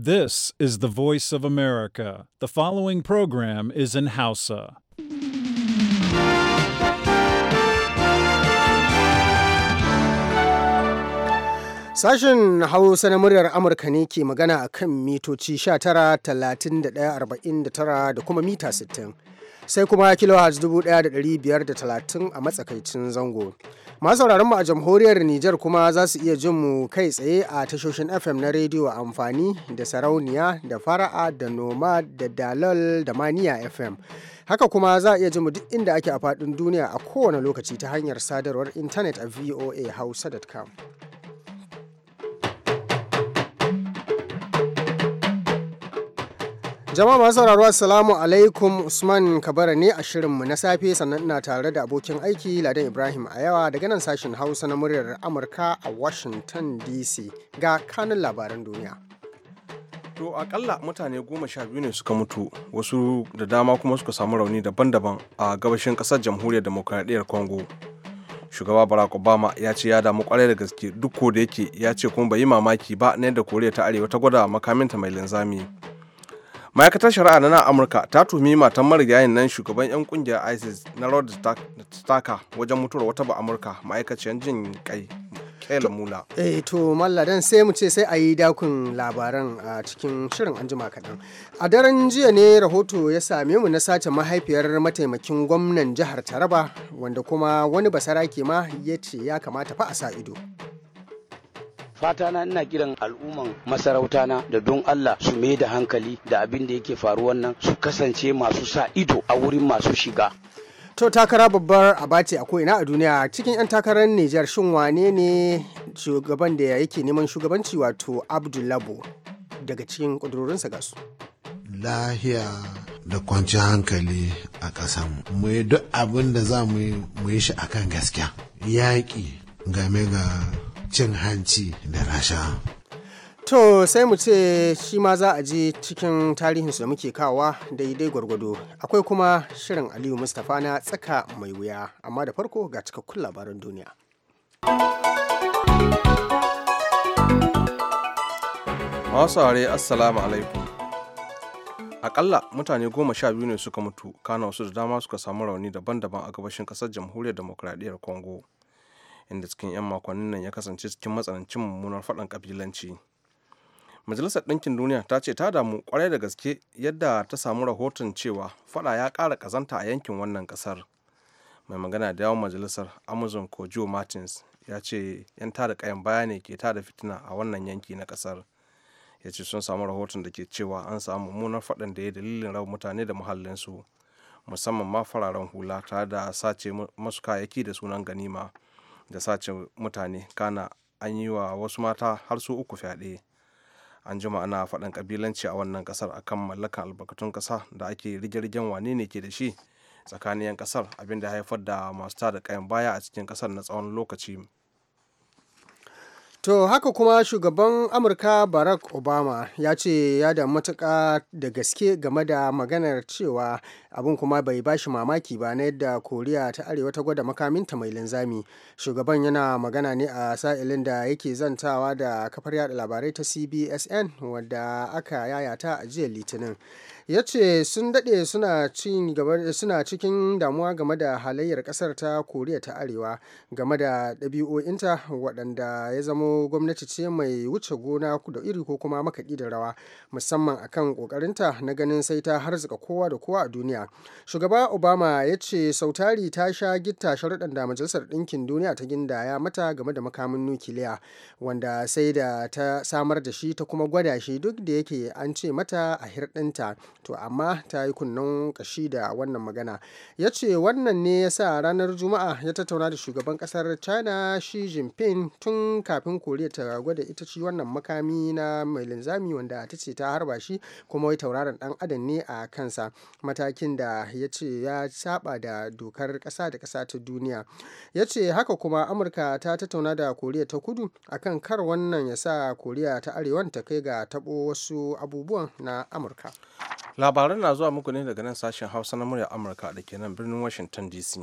This is the voice of America. The following program is in Hausa. Sashen Hausa na muryar Amurka ne ke magana a kan mitoci 19, 31, 49 da kuma mita 60. sai kuma dubu biyar da talatin a matsakaicin zango. Masu mu a jamhuriyar Nijar kuma za su iya jin mu kai tsaye a tashoshin FM na rediyo amfani da sarauniya da fara'a da noma da dalal da maniya FM. Haka kuma za a iya jin mu duk inda ake a faɗin duniya a kowane lokaci ta hanyar sadarwar intanet a voa voahausa.com. Jama'a masu sauraro Assalamu alaikum Usman Kabara ne a mu na safe sannan ina tare da abokin aiki Ladan Ibrahim a yawa daga nan sashen Hausa na muryar Amurka a Washington DC ga kanun labaran duniya. To akalla mutane goma sha biyu ne suka mutu wasu da dama kuma suka samu rauni daban-daban a gabashin kasar jamhuriyar demokradiyyar Congo. Shugaba Barack Obama ya ce ya damu kwarai da gaske duk ko da yake ya ce kuma bai yi mamaki ba na yadda Koriya ta Arewa ta gwada makaminta mai linzami. ma'aikatar shari'a na nan amurka ta tuhumi matan marigayin nan shugaban 'yan kungiyar isis na rod staka wajen mutuwar wata ba amurka ma'aikaciyar jin kai kaila mula eh to malladan sai mu ce sai a yi dakun labaran a cikin shirin anjima kaɗan a daren jiya ne rahoto ya same mu na sace mahaifiyar mataimakin gwamnan jihar taraba wanda kuma wani basaraki ma ya ce ya kamata fa a sa ido fatana ina kiran al'umman masarauta na da don Allah su mai da hankali da abin da yake faruwan nan su kasance masu sa ido a wurin masu shiga To takara babbar abace a ko'ina a duniya cikin 'yan takarar Nijar shin wane ne shugaban da yake neman shugabanci wato Abdullabo daga cikin ƙudurorinsa gasu. Lahiya da kwanci hankali a ƙasan mu yi duk abin da za mu yi shi akan gaskiya yaƙi game ga cin hanci da rasha. To sai mu ce shi ma za a je cikin tarihinsu da muke kawa daidai gwargwado. Akwai kuma shirin Aliyu Mustapha na tsaka mai wuya, amma da farko ga cikakkun labaran duniya. Masu are Assalamu alaikum. Akalla mutane goma sha biyu ne suka mutu, kana wasu da dama suka samu rauni daban-daban a gabashin kasar jamhuriyar demokradiyyar Congo. inda cikin 'yan makonnin nan ya kasance cikin matsanancin mummunar faɗan ƙabilanci, majalisar ɗinkin duniya ta ce ta damu kwarai da gaske yadda ta samu rahoton cewa faɗa ya ƙara ƙazanta a yankin wannan ƙasar mai magana da yawon majalisar amazon kojo martins ya ce 'yan tada kayan baya ne ke tada fitina a wannan yanki na ƙasar ya ce sun samu rahoton da ke cewa an samu mummunar faɗan da ya dalilin raba mutane da muhallinsu musamman ma fararen hula tare da sace masu kayayyaki da sunan ganima da sace mutane kana an yi wa wasu mata har su uku fyaɗe an jima ana faɗan ƙabilanci a wannan ƙasar akan mallakan albarkatun ƙasa da ake rige-rigen wane ne ke da shi tsakanin ƙasar abin da haifar da masu tada kayan baya a cikin ƙasar na tsawon lokaci To haka kuma shugaban Amurka Barack Obama ya ce ya da matuka da gaske game da maganar cewa abin kuma bai bashi mamaki ba na yadda Koriya ta Arewa ta gwada makaminta mai linzami. Shugaban yana magana ne a sa'ilin da yake zantawa da kafar yada labarai ta CBSN wadda aka yayata a jiya Litinin. ya ce sun daɗe suna cikin damuwa game da halayyar ƙasar ta koriya ta arewa game da dabi'o'inta waɗanda ya zamo gwamnati ce mai wuce gona da iri ko kuma makaɗi da rawa musamman akan ƙoƙarinta na ganin sai ta harzuka kowa da kowa a duniya shugaba obama ya ce sautari ta sha gitta sharuɗan da majalisar ɗinkin duniya ta gindaya mata game da makamin nukiliya wanda sai da ta samar da shi ta kuma gwada shi duk da yake an ce mata a hirɗinta to amma ta yi kunnen kashi da wannan magana ya ce wannan ne ya sa ranar juma'a ya tattauna da shugaban kasar china shi jinping tun kafin koriya ta gwada ita ci wannan makami na mai linzami wanda ta ce ta harba shi kuma wai tauraron dan adam ne a kansa matakin da ya ce ya saba da dokar kasa da kasa ta duniya ya ce haka kuma amurka ta tattauna da koriya ta kudu akan kar wannan ya sa koriya ta arewan ta kai ga tabo wasu abubuwan na amurka labaran na zuwa muku ne daga nan sashen hausa na murya amurka da ke nan birnin washington dc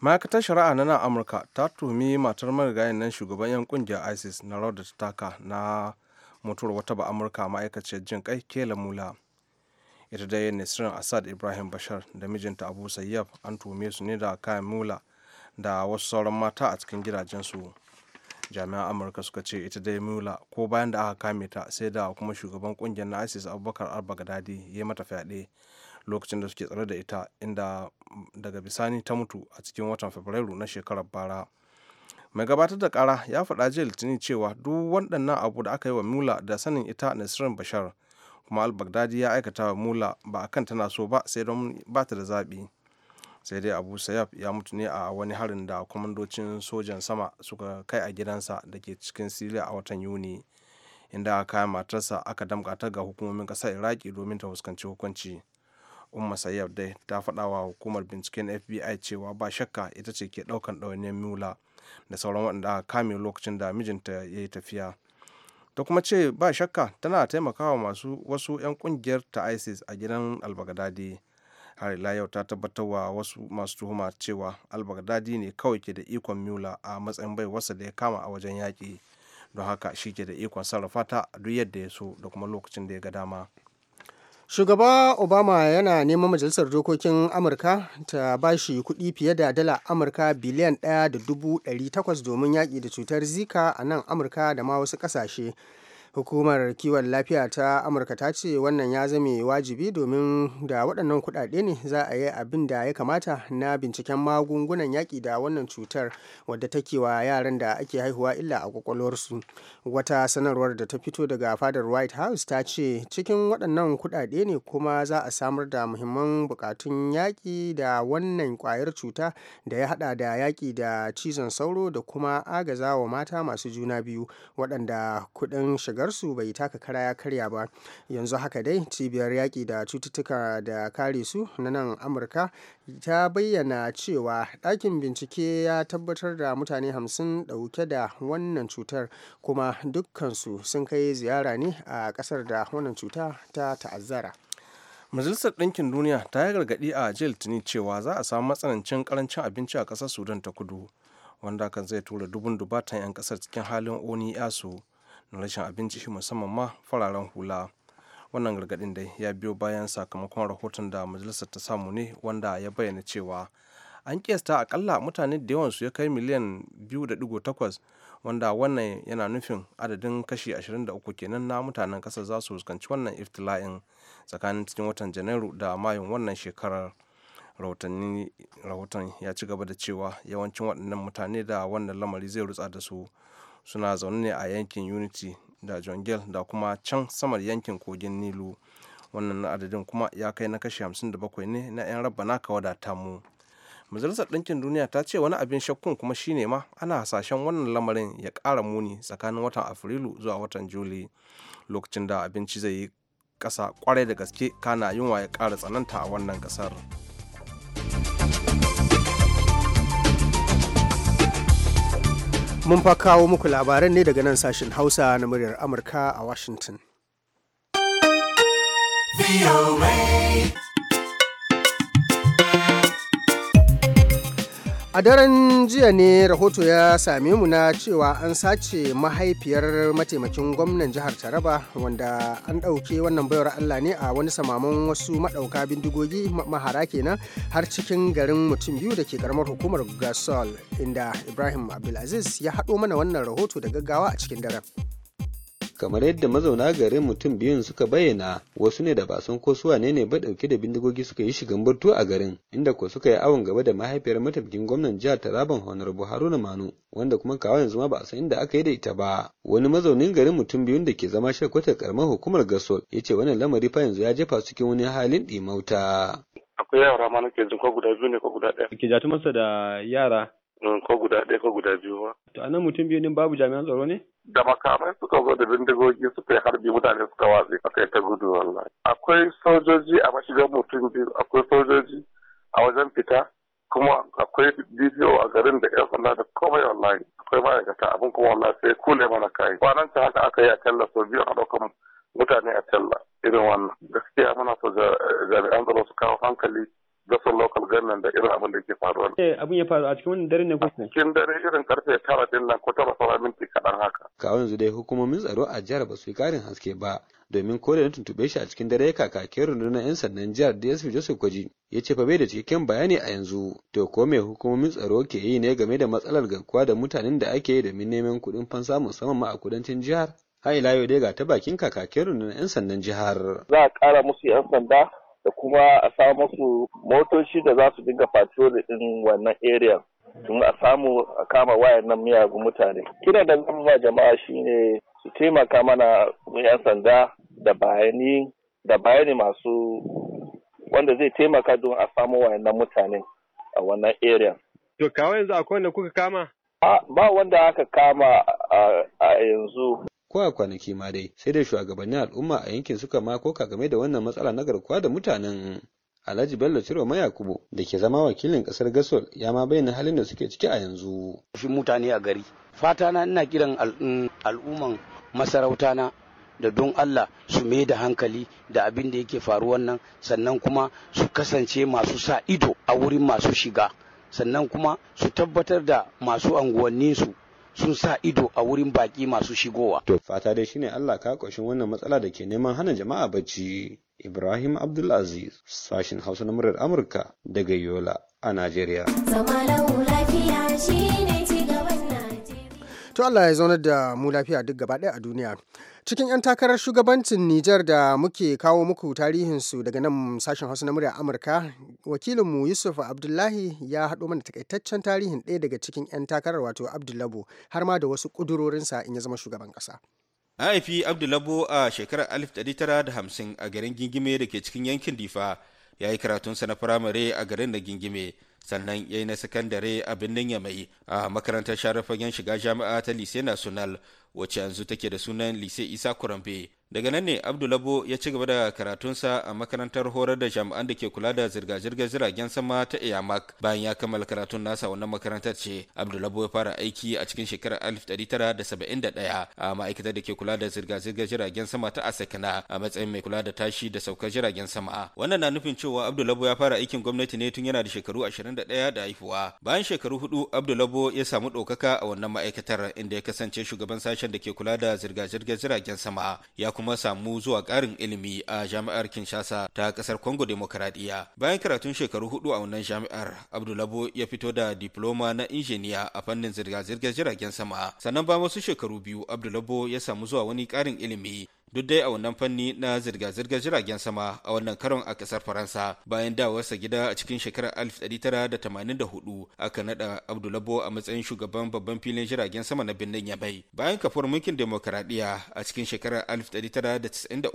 ma'aikatar shari'a na nan amurka ta tuhumi matar marigayen nan shugaban 'yan kungiyar isis na rawar da ta taka na mutuwar wata ba amurka ma'aikaciyar jin kai kela mula ita dai nasirin asad ibrahim bashar da mijinta abu sayyaf an tume su ne da kayan mula da wasu sauran mata a cikin gidajen su jami'an amurka suka ce ita dai mula ko bayan da aka kame ta sai da kuma shugaban kungiyar na isis abubakar al-baghdadi ya mata fyaɗe lokacin da suke tsare da ita inda daga bisani ta mutu a cikin watan fabrairu na shekarar bara mai gabatar da kara ya faɗa jiya litinin cewa duk waɗannan abu da aka yi wa mula da sanin ita nasirin bashar kuma al-baghdadi ya aikata wa mula ba a kan tana so ba sai don ba ta da zaɓi sai dai abu sayaf ya mutu ne a wani harin da kwamandocin sojan sama suka kai a gidansa da ke cikin siriya a watan yuni inda a kayan matarsa aka damƙa ta ga hukumomin ƙasar iraki domin ta fuskanci hukunci umma sayyaf dai ta faɗa wa hukumar binciken fbi cewa ba shakka ita ce ke ɗaukan ɗawainiyar mula da sauran waɗanda aka kame lokacin da mijinta ya yi tafiya ta kuma ce ba shakka tana taimakawa masu wasu 'yan kungiyar ta isis a gidan albagadadi har ila yau ta tabbatar wa wasu masu tuhuma cewa albagadadi ne kawai ke da ikon mula a matsayin bai baiwarsa da ya kama a wajen yaƙi don haka shi ke da ikon sarrafa ta duk yadda ya so da kuma lokacin da ya ga dama. Shugaba Obama yana neman Majalisar Dokokin Amurka ta ba shi kuɗi fiye da dala Amurka biliyan ɗaya da domin yaƙi da cutar Zika a nan Amurka da ma wasu ƙasashe. hukumar kiwon lafiya ta amurka ta ce wannan ya zame wajibi domin da waɗannan kuɗaɗe ne za a yi abin da ya kamata na binciken magungunan yaƙi da wannan cutar wadda take wa yaran da ake haihuwa illa a kwakwalwarsu wata sanarwar da ta fito daga fadar white house ta ce cikin waɗannan kuɗaɗe ne kuma za a samar da muhimman buƙatun yaƙi da wannan ƙwayar cuta da ya haɗa da yaƙi da cizon sauro da kuma agaza wa mata masu juna biyu waɗanda kuɗin shigar su bai taka kara ya karya ba yanzu haka dai cibiyar yaƙi da cututtuka da kare su na nan amurka ta bayyana cewa ɗakin bincike ya tabbatar da mutane hamsin ɗauke da wannan cutar kuma dukkansu sun kai ziyara ne a ƙasar da wannan cuta ta ta'azzara majalisar ɗinkin duniya ta yi gargaɗi a jiya tuni cewa za a samu matsanancin karancin abinci a ƙasar sudan ta kudu wanda kan zai tura dubun dubatan 'yan ƙasar cikin halin oni yasu na rashin abinci shi musamman ma fararen hula wannan gargadin dai ya biyo bayan sakamakon rahoton da majalisar ta samu ne wanda ya bayyana cewa an kiyasta akalla mutane da yawan su ya kai miliyan 2.8 wanda wannan yana nufin adadin kashi 23 kenan na mutanen kasa za su fuskanci wannan iftila'in tsakanin cikin watan janairu da mayun wannan shekarar rahoton ya ci gaba da cewa yawancin waɗannan mutane da wannan lamari zai rutsa da su suna zaune ne a yankin unity da jongel da kuma can samar yankin kogin nilu wannan adadin kuma ya kai na kashi 57 ne na 'yan rabba naka wadata mu majalisar ɗinkin duniya ta ce wani abin shakkun kuma shine ma ana hasashen wannan lamarin ya ƙara muni tsakanin watan afrilu zuwa watan juli lokacin da abinci zai yi ƙasa kwarai da gaske kana yunwa ya ƙara tsananta a wannan ƙasar. Mun fa kawo muku labaran ne daga nan sashen Hausa na muryar Amurka a Washington. A daren jiya ne rahoto ya same mu na cewa an sace mahaifiyar mataimakin gwamnan jihar Taraba wanda an ɗauke wannan baiwar Allah ne a wani samaman wasu maɗauka bindigogi mahara kenan har cikin garin mutum biyu da ke karamar hukumar Gasol inda Ibrahim Abdulaziz ya haɗo mana wannan rahoto da gaggawa a cikin daren. kamar yadda mazauna garin mutum biyun suka bayyana wasu ne da ba san ko su wane ne ba dauke da bindigogi suka yi shigan burtu a garin inda ko suka yi awon gaba da mahaifiyar matafikin gwamnan jihar Taraban Honorable Haruna Manu wanda kuma kawo yanzu ma ba a san inda aka yi da ita ba wani mazaunin garin mutum biyun da ke zama shekwatar karamar hukumar Gasol ce wannan lamari fa yanzu ya jefa su cikin wani halin dimauta akwai yara ma nake jin ko guda biyu ne ko guda ɗaya. Ke jatu masa da yara Mm, ko guda ɗaya ko guda biyu ba. To anan mutum biyu din babu jami'an tsaro ne? Da makamai suka zo da bindigogi suka yi harbi mutane suka watse aka yi ta gudu wallahi. Akwai sojoji a mashigar mutum biyu akwai sojoji a wajen fita kuma akwai bidiyo a garin da 'yan sanda da komai wallahi akwai ma'aikata abin kuma wallahi sai kule mana kai. Kwanan ta haka aka yi a talla sau biyu a ɗaukar mutane a talla irin wannan. Gaskiya muna so jami'an tsaro su kawo hankali gasar local government da irin abin da ke faruwa. Eh abin ya faru a cikin wannan dare ne ko cikin dare irin karfe tara din nan ko tara sauran minti kadan haka. Kawo yanzu dai hukumomin tsaro a jihar ba su yi karin haske ba domin ko da na shi a cikin dare kakakin rundunar 'yan sandan jihar DSP Joseph Kwaji ya ce fa bai da cikakken bayani a yanzu to ko mai hukumomin tsaro ke yi ne game da matsalar garkuwa da mutanen da ake yi domin neman kuɗin fansa musamman ma a kudancin jihar. Ha ila yau dai ga ta bakin kakakin rundunar 'yan sandan jihar. Za a kara musu 'yan sanda da kuma a samu su motoci da za su dinga patrol din wannan area tun a samu a kama wayan nan miyagun mutane kina da zama ba jama'a shine su taimaka mana yan sanda da bayani da bayani masu wanda zai taimaka don a samu wayan nan mutane a wannan area to kawai yanzu akwai wanda kuka kama ba wanda aka kama a yanzu ko a kwanaki ma dai sai da shugabannin al'umma a yankin suka ma koka game da wannan matsala na garkuwa da mutanen Alhaji Bello Ciroma Yakubu da ke zama wakilin kasar Gasol ya ma bayyana halin da suke ciki a yanzu. Shi mutane a gari. Fata na ina kiran mm, al'umman masarauta na da don Allah su mai da hankali da abin da yake faruwan nan sannan kuma su kasance masu sa ido a wurin masu shiga sannan kuma su tabbatar da masu anguwanninsu sun sa ido a wurin baki masu shigowa. To fata dai shine Allah ka ƙoshin wannan matsala da ke neman hana jama'a bacci. Ibrahim Abdulaziz, sashin Hausa na murar Amurka daga Yola a Najeriya. Najeriya. To Allah ya zaunar da mu lafiya duk gaba ɗaya a duniya. cikin 'yan takarar shugabancin Nijar da muke kawo muku tarihinsu daga nan sashen Hausa na murya Amurka, wakilinmu Yusuf Abdullahi ya haɗo mana takaitaccen tarihin ɗaya daga cikin 'yan takarar wato Abdullabo har ma da wasu ƙudurorinsa in ya zama shugaban ƙasa. haifi Abdullabo a shekarar 1950 a garin Gingime da ke cikin yankin Difa ya yi karatunsa na firamare a garin da Gingime. sannan ya yi na sakandare a birnin yamai a makarantar share fagen shiga jami'a ta Lise national wacce yanzu take da sunan lise isa kurambe daga nan ne abdulabo ya ci gaba da karatunsa a makarantar horar da jami'an da ke kula da zirga-zirgar jiragen sama ta iyamak bayan ya kammala karatun nasa wannan makarantar ce abdulabo ya fara aiki a cikin shekarar da 1971 a ma'aikatar da ke kula da zirga-zirgar jiragen sama ta asakana a matsayin mai kula da tashi da saukar jiragen sama wannan na nufin cewa abdulabo ya fara aikin gwamnati ne tun yana da shekaru 21 da haihuwa bayan shekaru hudu abdulabo ya samu ɗaukaka a wannan ma'aikatar inda ya kasance shugaban sashen da ke kula da zirga-zirgar jiragen sama ya kuma samu zuwa ƙarin ilimi a jami'ar Kinshasa ta ƙasar Congo Demokaradiyya. Bayan karatun shekaru hudu a wannan jami'ar, Abdulabo ya fito da diploma na injiniya a fannin zirga-zirgar jiragen sama. Sannan ba wasu shekaru biyu, Abdulabo ya samu zuwa wani ƙarin ilimi duk dai a wannan fanni na zirga-zirgar jiragen sama a wannan karon a kasar faransa bayan dawarsa gida a cikin shekarar 1984 aka nada abdulabo a matsayin shugaban babban filin jiragen sama na birnin yamai bayan kafar mulkin demokaradiyya a cikin shekarar 1993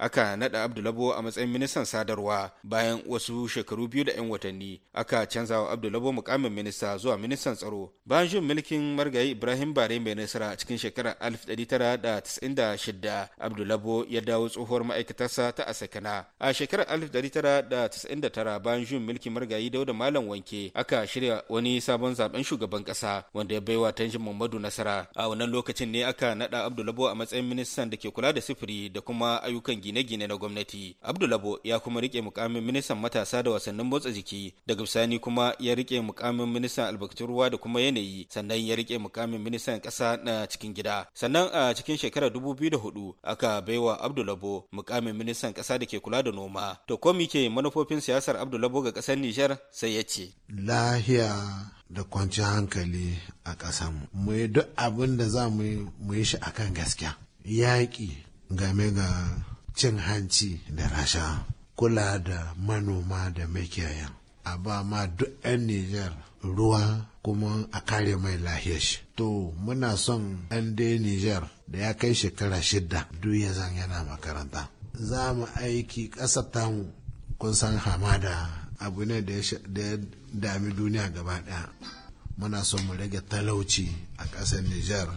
aka nada abdulabo a matsayin ministan sadarwa bayan wasu shekaru biyu da 'yan watanni aka canza wa abdulabo mukamin minista zuwa ministan tsaro bayan jin mulkin margayi ibrahim bare mai nasara a cikin shekarar 1996 abdulabo ya dawo tsohuwar ma'aikatarsa ta asakana a shekarar 1999 bayan jun mulkin margayi dauda malam wanke aka shirya wani sabon zaben shugaban kasa wanda ya baiwa tanjin muhammadu nasara a wannan lokacin ne aka nada abdulabo a matsayin ministan da ke kula da sifiri da kuma ayyukan gine-gine na gwamnati abdulabo ya kuma rike mukamin ministan matasa da wasannin motsa jiki daga bisani kuma ya rike mukamin ministan albarkatun ruwa da kuma yanayi sannan ya rike mukamin ministan kasa na cikin gida sannan a cikin shekarar 2004 aka suka baiwa Abdulabo mukamin ministan ƙasa da ke kula da noma. To ko ke manufofin siyasar Abdulabo ga ƙasar Nijar sai ya ce. Lahiya da kwanci hankali a ƙasar Mu mu yi duk abin da za mu yi shi a kan gaskiya. Yaƙi game ga cin hanci da rasha. Kula da manoma da makiyayan. a ba ma duk 'yan Nijar ruwa kuma a kare mai lahiyar shi. To muna son 'yan dai Nijar da ya kai shekara shidda duk ya zan yana makaranta. Za mu aiki ƙasar tamu kun san hamada abu ne da ya dami duniya gaba ɗaya. Muna son mu rage talauci a ƙasar Nijar.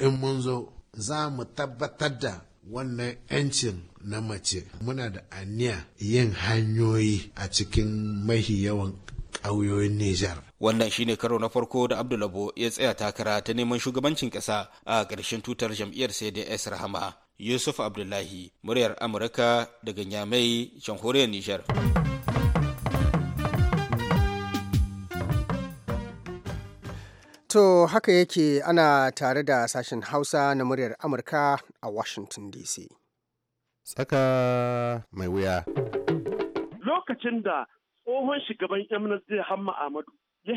In mun zo za mu tabbatar da wannan 'yancin na mace muna da aniya yin hanyoyi a cikin mahi yawan ƙauyoyin Nijar. Wannan shine karo na farko da Abdullabo ya tsaya takara ta neman shugabancin ƙasa a ƙarshen tutar jam'iyyar CDS Rahama. Yusuf Abdullahi, muryar Amurka daga Nyamai, jamhuriyar Nijar. To haka yake ana tare da sashen Hausa na muryar Amurka a Washington DC. tsaka mai wuya. Lokacin da tsohon shugaban zai, Hamma Ahmadu ya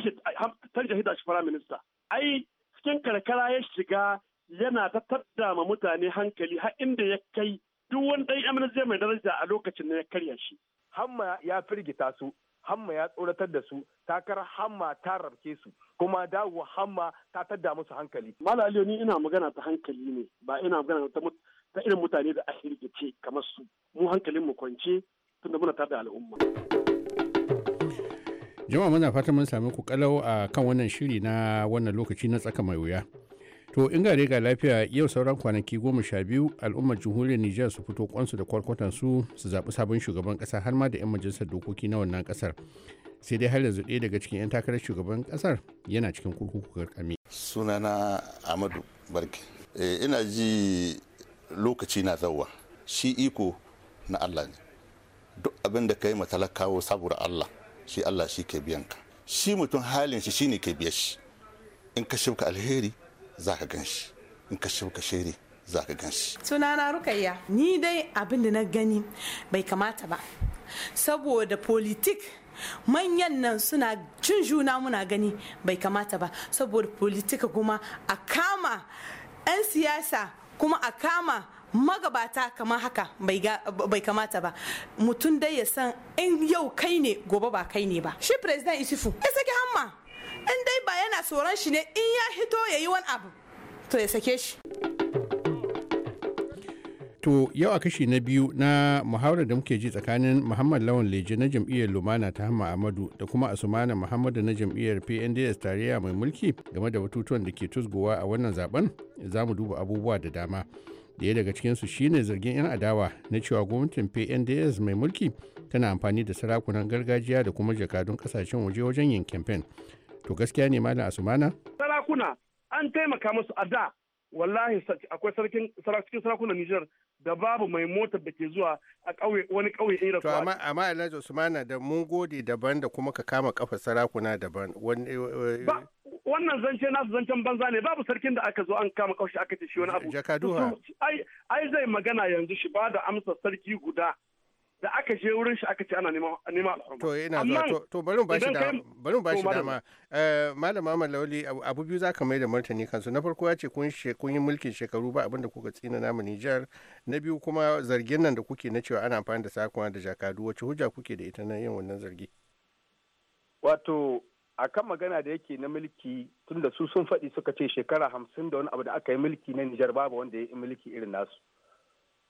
shahida shi fara minista, ai cikin karkara ya shiga yana ta taddama mutane hankali har inda ya kai duk wani ɗan zai mai daraja a lokacin da ya karya shi. Hamma ya firgita su, Hamma ya tsoratar da su, takar Hamma ta rabke su, kuma dawo Hamma ta tadda musu hankali. Mala Aliyu ni ina magana ta hankali ne, ba ina magana ta mutu. ta irin mutane da ake rikice kamar su mu hankalin mu kwance tunda muna tare da al'umma. jama'a muna fatan mun sami ku kalau a kan wannan shiri na wannan lokaci na tsaka mai wuya to in gare ga lafiya yau sauran kwanaki goma sha biyu al'ummar jamhuriyar nijar su fito kwansu da kwarkwatan su su zaɓi sabon shugaban ƙasa har ma da 'yan majalisar dokoki na wannan ƙasar sai dai har yanzu ɗaya daga cikin 'yan takarar shugaban ƙasar yana cikin kurkuku karkami sunana amadu barki eh, ina ji lokaci na zauwa shi iko na Allah ne duk abin da ka yi matalakawo saboda Allah shi Allah shi ke biyan ka shi mutum halin shi shi ne ke biya shi in ka shibka alheri za ka gan shi in ka shibka shiri za ka gan shi sunana rukayya ni dai abin da na gani bai kamata ba saboda politik manyan nan suna cin juna muna gani bai kamata ba saboda politika kuma a kama 'yan siyasa kuma a kama magabata kama haka bai kamata ba mutum dai ya san in yau kai ne gobe ba kai ne ba shi president isifu ya saki hamma in dai ba yana tsoron shi ne in ya hito ya yi wani abu to ya sake shi To yau a kashi na biyu na muhawarar da muke ji tsakanin Muhammad Lawan Leje na jam'iyyar Lumana ta Hamma Ahmadu da kuma Asumana Muhammadu na jam'iyyar PNDS tarayya mai mulki game da batutuwan da ke tusgowa a wannan zaben za mu duba abubuwa da dama. Daya daga cikinsu shine zargin 'yan adawa na cewa gwamnatin PNDS mai mulki tana amfani da sarakunan gargajiya da kuma jakadun kasashen waje wajen yin kamfen. To gaskiya ne Malam Asumana? Sarakuna an taimaka musu a da wallahi akwai sarakin sarakunan Nijar da babu mai motar da ke zuwa a kauye wani ƙauye irin to amma amma Alhaji Usman da mun gode daban da kuma ka kama kafa sarakuna daban eh, eh, wannan zance nasu zancen banza ne babu sarkin da aka zo an kama kaushi aka ce shi wani abu ai zai magana yanzu shi ba da amsa sarki guda da aka je wurin shi aka ce ana nema alfarma. To ina zuwa to bari mu bashi da bari mu bashi dama eh, malam abu biyu zaka mai da martani kansu na farko ya ce kun kun yi mulkin shekaru ba abinda kuka tsina namu Nijar na biyu kuma zargin nan da kuke na cewa ana amfani da sakuna da jakadu wace hujja kuke da ita na yin wannan zargi. Wato akan magana da yake na mulki tunda su sun faɗi suka ce shekara hamsin da wani abu da aka yi mulki na Nijar babu wanda ya yi mulki irin nasu.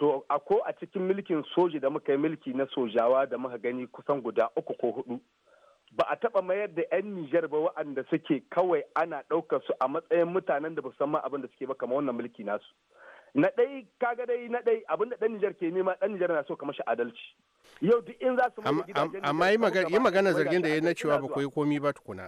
to a ko a cikin mulkin soji da muka yi mulki na sojawa da muka gani kusan guda uku ko hudu ba a taba mayar da 'yan Nijar ba waɗanda suke kawai ana ɗaukar su a matsayin mutanen da ba san ma abin da suke ba kamar wannan mulki nasu na ɗai kaga dai na ɗai abin da ɗan Nijar ke nema ɗan Nijar na so kamar shi adalci yau duk in za su mai gidajen amma yi magana zargin da ya na cewa ba ku yi komi ba tukuna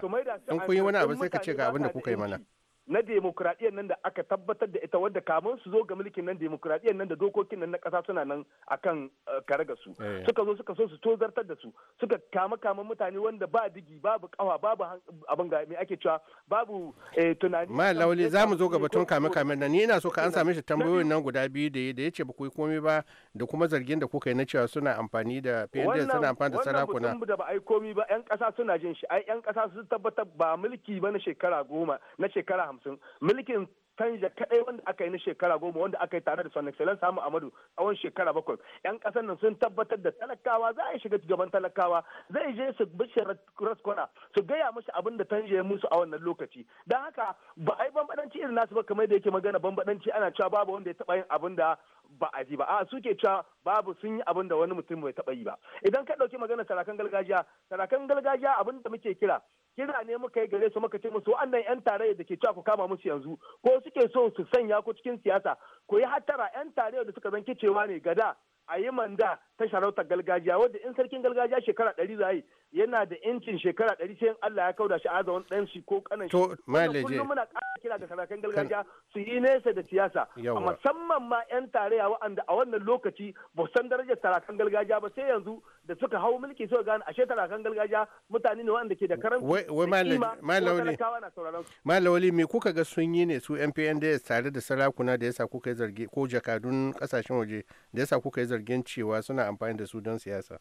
in kun yi wani abu sai ka ce ga abin da kuka yi mana na demokuraɗiyyar nan da aka tabbatar da ita wadda kamun su zo ga mulkin nan demokuraɗiyyar nan da dokokin nan na ƙasa suna nan akan eh, ga su eh, eh. suka zo suka so su tozartar da su suka kama kama mutane wanda ba digi babu kawa babu abin ga me ake cewa babu tunani ma lauli za mu zo ga batun kame kame nan ni ina so ka an same shi tambayoyin nan guda biyu da da yace ba ku yi komai ba da kuma zargin da kuka yi na cewa suna amfani da PND suna amfani da sarakuna wannan da ba ai komai ba yan ƙasa suna jin shi ai yan ƙasa su tabbatar ba mulki ba na shekara goma na shekara hamsin mulkin tanja kaɗai wanda aka yi na shekara goma wanda aka yi tare da son excellence samu amadu tsawon shekara bakwai yan kasan nan sun tabbatar da talakawa za a shiga gaban talakawa zai je su bishi raskwana su gaya mashi abin da tanja ya musu a wannan lokaci don haka ba a yi bambadanci irin nasu ba kamar da yake magana bambadanci ana cewa babu wanda ya taba yin abin da ba a ji ba a suke cewa babu sun yi abin da wani mutum bai taɓa yi ba idan ka ɗauki maganar sarakan gargajiya sarakan gargajiya abin da muke kira kira ne muka yi gare su muka ce musu wannan yan tarayya da ke cewa ku kama musu yanzu ko suke so su sanya ku cikin siyasa ku yi hattara yan tarayya da suka zanki cewa ne gada a yi manda ta sharautar gargajiya wadda in sarkin gargajiya shekara ɗari zai yana da incin shekara ɗari sai Allah ya kauda shi a wani ɗan shi ko ƙanan shi. To malaje. Kullum muna ƙara kira ga sarakan gargajiya su yi nesa da siyasa. a Musamman ma 'yan tarayya wa'anda a wannan lokaci ba san darajar sarakan gargajiya ba sai yanzu da suka hau mulki suka gane ashe sarakan gargajiya mutane ne wa'anda ke da karanci. Wai malaje malawali me kuka ga sun yi ne su MPNDS tare da sarakuna da yasa kuka yi zargi ko jakadun kasashen waje da yasa kuka yi zargin cewa suna amfani da su don siyasa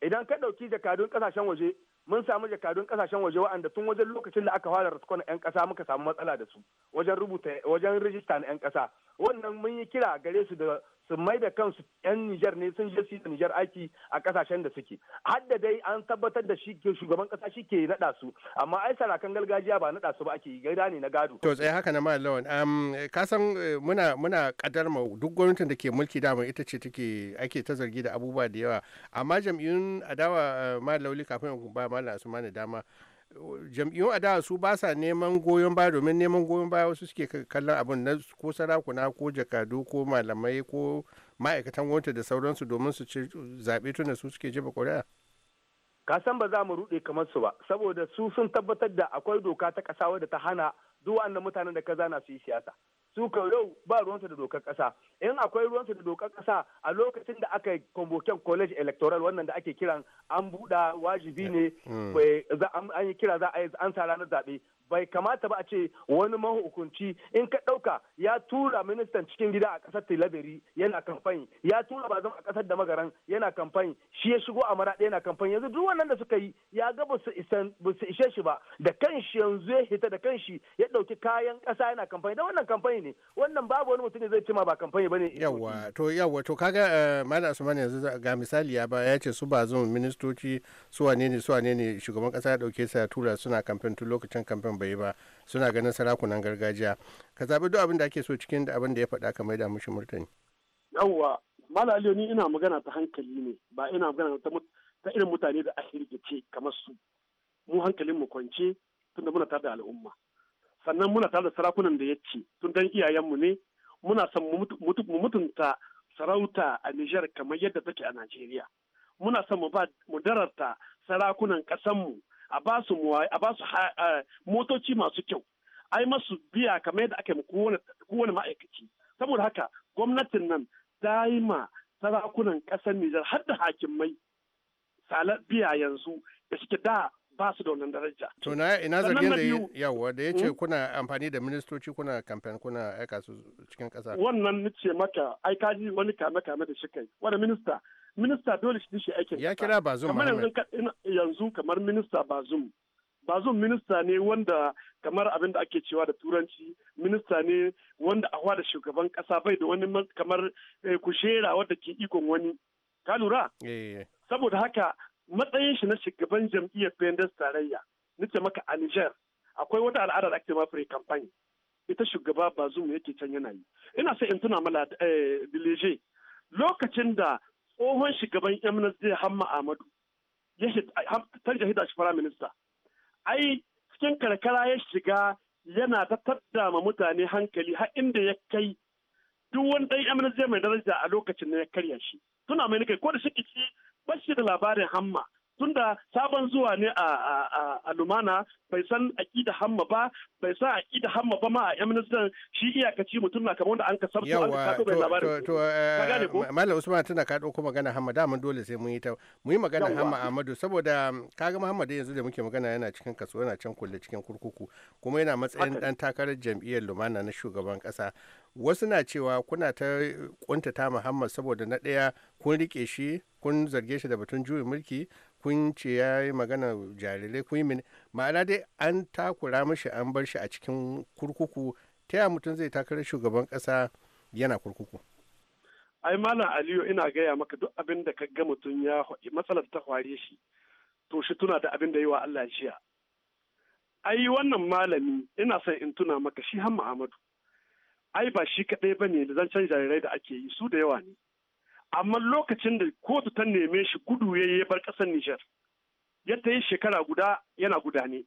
idan ka ɗauki jakadun ƙasashen waje mun samu jakadun ƙasashen waje waɗanda tun wajen lokacin da aka fara raskon 'yan ƙasa muka samu matsala da su wajen rubuta wajen rijista na 'yan ƙasa wannan mun yi kira gare su da sun mai da kansu 'yan Nijar ne sun je su Nijar aiki a kasashen da suke. Hadda dai an tabbatar da shi shugaban kasa shi ke naɗa su, amma ai sarakan gargajiya ba naɗa su ba ake gaida ne na gado. To tsaye haka na ma lawan, ka san eh, muna muna kadar ma duk gwamnatin da ke mulki dama ita ce take ake ta zargi da abubuwa da yawa, amma jam'iyyun adawa eh, ma lauli kafin ba malam Asmani dama jam'iyyun a su ba sa neman goyon baya domin neman goyon baya wasu suke kallon abin na ko sarakuna ko jakadu ko malamai ko ma'aikatan gwamnati da sauransu domin su ci zaɓe da su suke jefa ƙuri'a. ka san ba za mu ruɗe kamar su ba saboda su sun tabbatar da akwai doka ta ƙasa wadda ta hana su wa'annan mutanen da kaza na su yi siyasa su yau ba ruwansu da dokar kasa in akwai ruwansu da dokar kasa a lokacin da aka convoken college electoral wannan da ake kiran an buɗa wajibi ne mm. eh, an yi kira za a yi an sa ranar zaɓe bai kamata ba a ce wani mahukunci in ka ɗauka ya tura ministan cikin gida a ƙasar tilaberi yana kamfani ya tura bazan a ƙasar da magaran yana kamfani shi ya shigo a maraɗe yana kamfani yanzu duk wannan da suka yi ya ga ba su ishe shi ba da kanshi yanzu ya hita da kanshi ya ɗauki kayan ƙasa yana kamfani da wannan kamfani ne wannan babu wani mutum da zai cima ba kamfani ba ne. yawwa to yawwa to kaga eh, malam asuman yanzu ga misali ya ba ya ce su bazan ministoci su wane ne su wane ne shugaban ƙasa ya ɗauke su ya tura suna kamfani tun lokacin kamfani hakan ba suna ganin sarakunan gargajiya ka zaɓi duk abin da ake so cikin da abin da ya faɗa ka da mushi murtani yawwa mala aliyu ni ina magana ta hankali ne ba ina magana ta irin mutane da ake rigice kamar su mu hankalin mu kwance tunda muna tare al'umma sannan muna tare da sarakunan da ya ce tun dan mu ne muna son mu mutunta sarauta a Nijar kamar yadda take a Najeriya. Muna son mu ba mu dararta sarakunan mu. a ba su motoci masu kyau ai masu biya kamar yadda ake kowane ma'aikaci saboda haka gwamnatin nan ta yi ma sarakunan ƙasar Nijar har da hakimai salar biya yanzu da suke da ba su da wannan daraja. To na ina zargin da yawa da ya ce hmm? kuna amfani da ministoci kuna kamfen kuna aika su cikin ƙasa. Wannan nace maka ai kaji wani kame kame da shi kai wani minista minista dole shi shi aikin ya kira bazum kamar yanzu yanzu kamar minista bazum bazum minista ne wanda kamar abin da ake cewa da turanci minista ne wanda a da shugaban kasa bai da wani kamar eh, kushera wadda ke ikon wani ka lura eh. saboda haka matsayin shi na shugaban jam'iyyar pendas tarayya nace maka a Niger akwai wata al'adar da ake ma free campaign ita shugaba bazum yake can yana yi ina sai in tuna mala eh, lokacin da tsohon shugaban zai hamma ahmadu ya tarja hida shi fara minista ai cikin karkara ya shiga yana ta taddama mutane hankali har inda ya kai duk wani ɗan zai mai daraja a lokacin da ya karya shi suna mai nake ko da shi bashi da labarin hamma tunda sabon zuwa ne a lumana bai san aƙida hamma ba bai san aƙida hamma ba ma a yan ministan shi iyakaci mutum na kamar wanda an ka sabta an ka bai labarin to to eh, usman tana ka dauko magana hamma da dole sai mun yi ta mu yi magana hamma amadu saboda mm, kaga muhammad yanzu da muke magana yana cikin kaso yana can kulle cikin kurkuku kuma yana matsayin dan takarar jam'iyyar lumana na shugaban kasa wasu na cewa kuna ta kuntata muhammad saboda na ɗaya kun rike shi kun zarge shi da batun juyin mulki kun ce ya yi magana jarirai kun yi mini ma'ana dai an takura mashi an bar shi a cikin kurkuku ta yaya mutum zai takarar shugaban kasa yana kurkuku ai malam aliyu ina gaya maka duk abin da ka ga mutum ya matsalar ta kware shi to shi tuna da abin da yi wa Allah jiya ai wannan malami ina son in tuna maka shi har Muhammadu ai ba shi kaɗai ba ne da zancen jarirai da ake yi su da yawa ne amma lokacin da kotu ta neme shi gudu ya yi bar ƙasar Nijar ya ta yi shekara guda yana gudane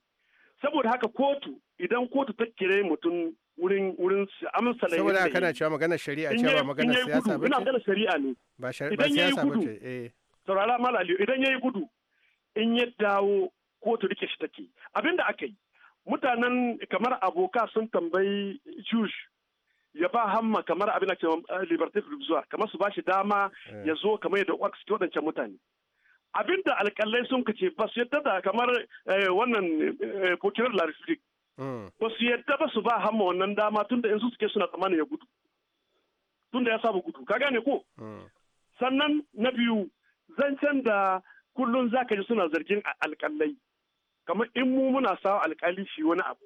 saboda haka kotu idan kotu ta kire mutum wurin wurin amsa da saboda kana cewa magana shari'a cewa magana siyasa ba ina magana shari'a ne ba shari'a ba ce eh saurara malali idan yayi gudu in ya dawo kotu rike shi take abinda aka yi mutanen kamar aboka sun tambayi jush ya ba hamma kamar abin da ke eh, group zuwa kamar su ba shi dama eh. ya zo kamar yadda uwar suke waɗancan mutane abin da alƙalai sun kace ba su yadda da kamar eh, wannan pokerar la hmm. ba su yadda ba su ba hamma wannan dama tunda in yanzu suke suna tsammanin ya gudu tunda ya saba gudu ka gane ko hmm. sannan na biyu zancen da kullum ka ji suna zargin alƙalai kamar in mu muna sawa alƙali shi wani abu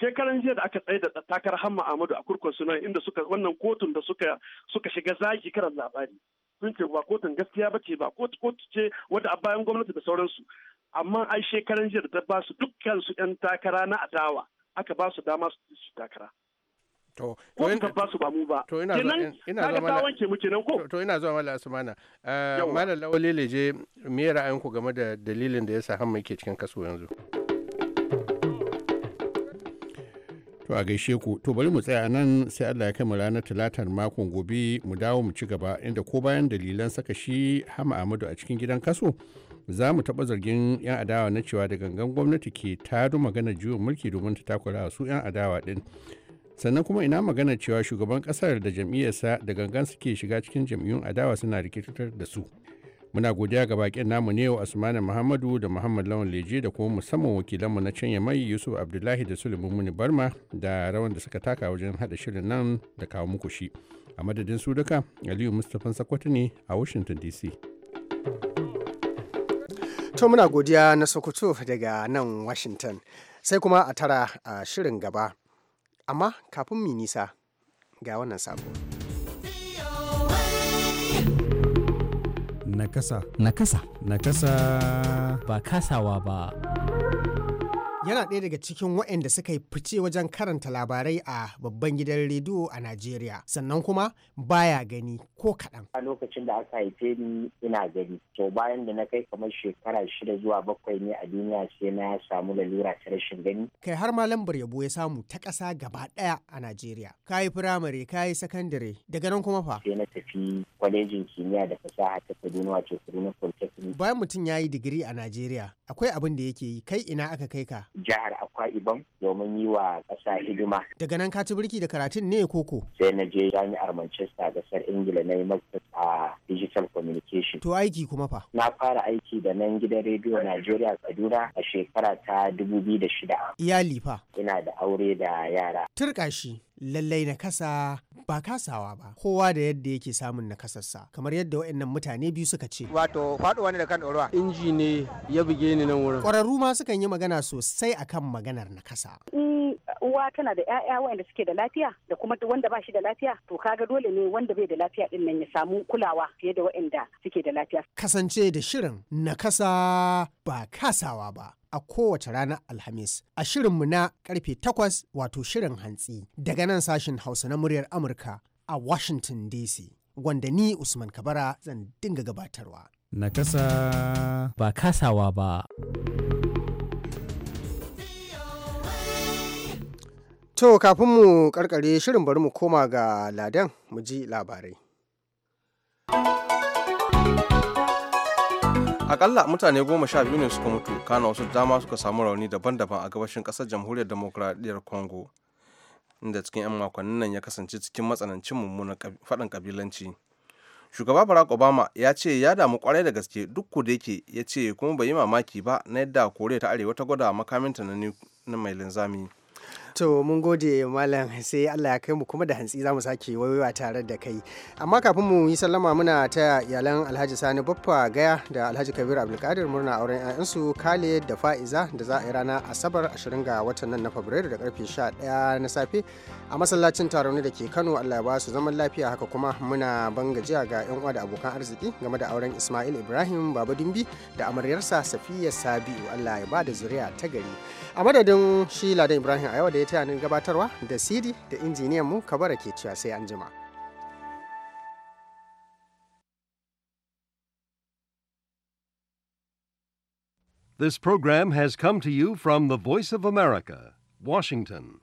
shekaran jiya da aka tsaye da takar hamma Amadu a kurkun sunan inda suka wannan kotun da suka suka shiga zaki karan labari sun ce ba kotun gaskiya ba ce ba kotu kotu ce wadda a bayan gwamnati da sauransu amma ai shekaran jiya da ta ba su dukkan su yan takara na adawa aka ba su dama su takara To, to ba su ba mu ba. To ina kenan ina zuwa mala wanke mu kenan ko? To ina zuwa mala Asmana. Uh, mala Lawale Leje me ra'ayinku game da dalilin da yasa hamma yake cikin kaso yanzu? To a gaishe ku, to bari mu tsaya nan sai Allah ya kai mu ranar talatar makon gobe mu dawo mu ci gaba inda ko bayan dalilan saka shi Hama Ahmadu a cikin gidan kaso za mu taɓa zargin 'yan adawa na cewa da gangan gwamnati ke tado magana juyin mulki domin ta takura su 'yan adawa ɗin. Sannan kuma ina magana cewa shugaban kasar da jam'iyyarsa da gangan suke shiga cikin jam'iyyun adawa suna rikitar da su. muna godiya ga bakin namu ne wa asmanu muhammadu da muhammad lawan leje da kuma musamman wakilanmu na can mai yusuf abdullahi da sulaiman muni barma da rawan da suka taka wajen hada shirin nan da kawo muku shi a madadin su duka aliyu mustapha sakwato ne a washington dc to muna godiya na sokoto daga nan washington sai kuma a tara a shirin gaba amma kafin mu nisa ga wannan sako. Nakasa. Nakasa. Nakasa. Ba kasawa ba. yana ɗaya daga cikin waɗanda suka yi fice wajen karanta labarai a babban gidan rediyo a Najeriya. Sannan kuma baya gani ko kaɗan. A lokacin da aka haife ni ina gani. To bayan da na kai kamar shekara shida zuwa bakwai ne a duniya sai na samu lalura ta rashin gani. Kai har ma lambar yabo ya samu ta ƙasa gaba ɗaya a Najeriya. Ka yi firamare, ka yi sakandare, daga nan kuma fa. Sai na tafi kwalejin kimiyya da fasaha ta Kaduna wato Kaduna Polytechnic. Bayan mutum ya yi digiri a Najeriya, akwai abin da yake yi, kai ina aka kai ka? jihar akwa ibom domin yi wa ƙasa hidima daga nan ka ci birki da karatun ne koko sai na je jami'ar manchester gasar ingila na yi a digital communication to aiki kuma fa na fara aiki da nan gidan rediyo najeriya kaduna a shekara ta dubu biyu 2006 iyali fa ina da aure da yara turka shi lallai nakasa ba kasawa ba kowa da yadda yake samun nakasarsa kamar yadda waɗannan mutane biyu suka ce wato faɗuwa ne da kan ɗorawa inji ne ya buge ni nan wurin ƙwararru ma sukan yi magana sosai akan maganar nakasa. kasa mm, uwa tana da 'ya'ya wanda suke da lafiya da kuma wanda ba shi da lafiya to kaga dole ne wanda bai da lafiya din nan ya samu kulawa fiye da waɗanda suke da lafiya. Kasance da shirin na kasa ba kasawa ba. a kowace rana Alhamis a shirin mu na karfe takwas wato shirin hantsi daga nan sashen Hausa na muryar Amurka a Washington DC wanda ni Usman Kabara zan dinga gabatarwa. Na kasa ba kasawa ba. To kafin mu karkare shirin bari mu koma ga ladan mu ji labarai. Akalla mutane goma sha biyu ne suka mutu kana wasu dama suka samu rauni daban-daban a gabashin ƙasar jamhuriyar demokuraɗiyyar Congo. Inda cikin 'yan makonnin nan ya kasance cikin matsanancin mummunan faɗin ƙabilanci. Shugaba Barack Obama ya ce ya damu kwarai da gaske duk da yake ya ce kuma bai yi mamaki ba na yadda Koriya ta Arewa ta gwada makaminta na mai linzami. To mun gode malam sai Allah ya kai mu kuma da hantsi zamu sake waiwa tare da kai. Amma kafin mu yi sallama muna ta iyalan Alhaji Sani Baffa Gaya da Alhaji Kabir Abdulkadir murna auren 'ya'yansu Kale da Fa'iza da za a yi rana Asabar 20 ga watan nan na Fabrairu da karfe 11 na safe a masallacin taron da ke Kano Allah ya ba su zaman lafiya haka kuma muna ban gajiya ga 'yan uwa da abokan arziki game da auren Ismail Ibrahim Baba Dumbi da amaryarsa Safiya Sabiu Allah ya ba da zuriya ta gari. A madadin shi Ladan Ibrahim a yau da ya taya ni gabatarwa da sidi da injiniyan mu kabara ke cewa sai an jima. This program has come to you from the Voice of America, Washington.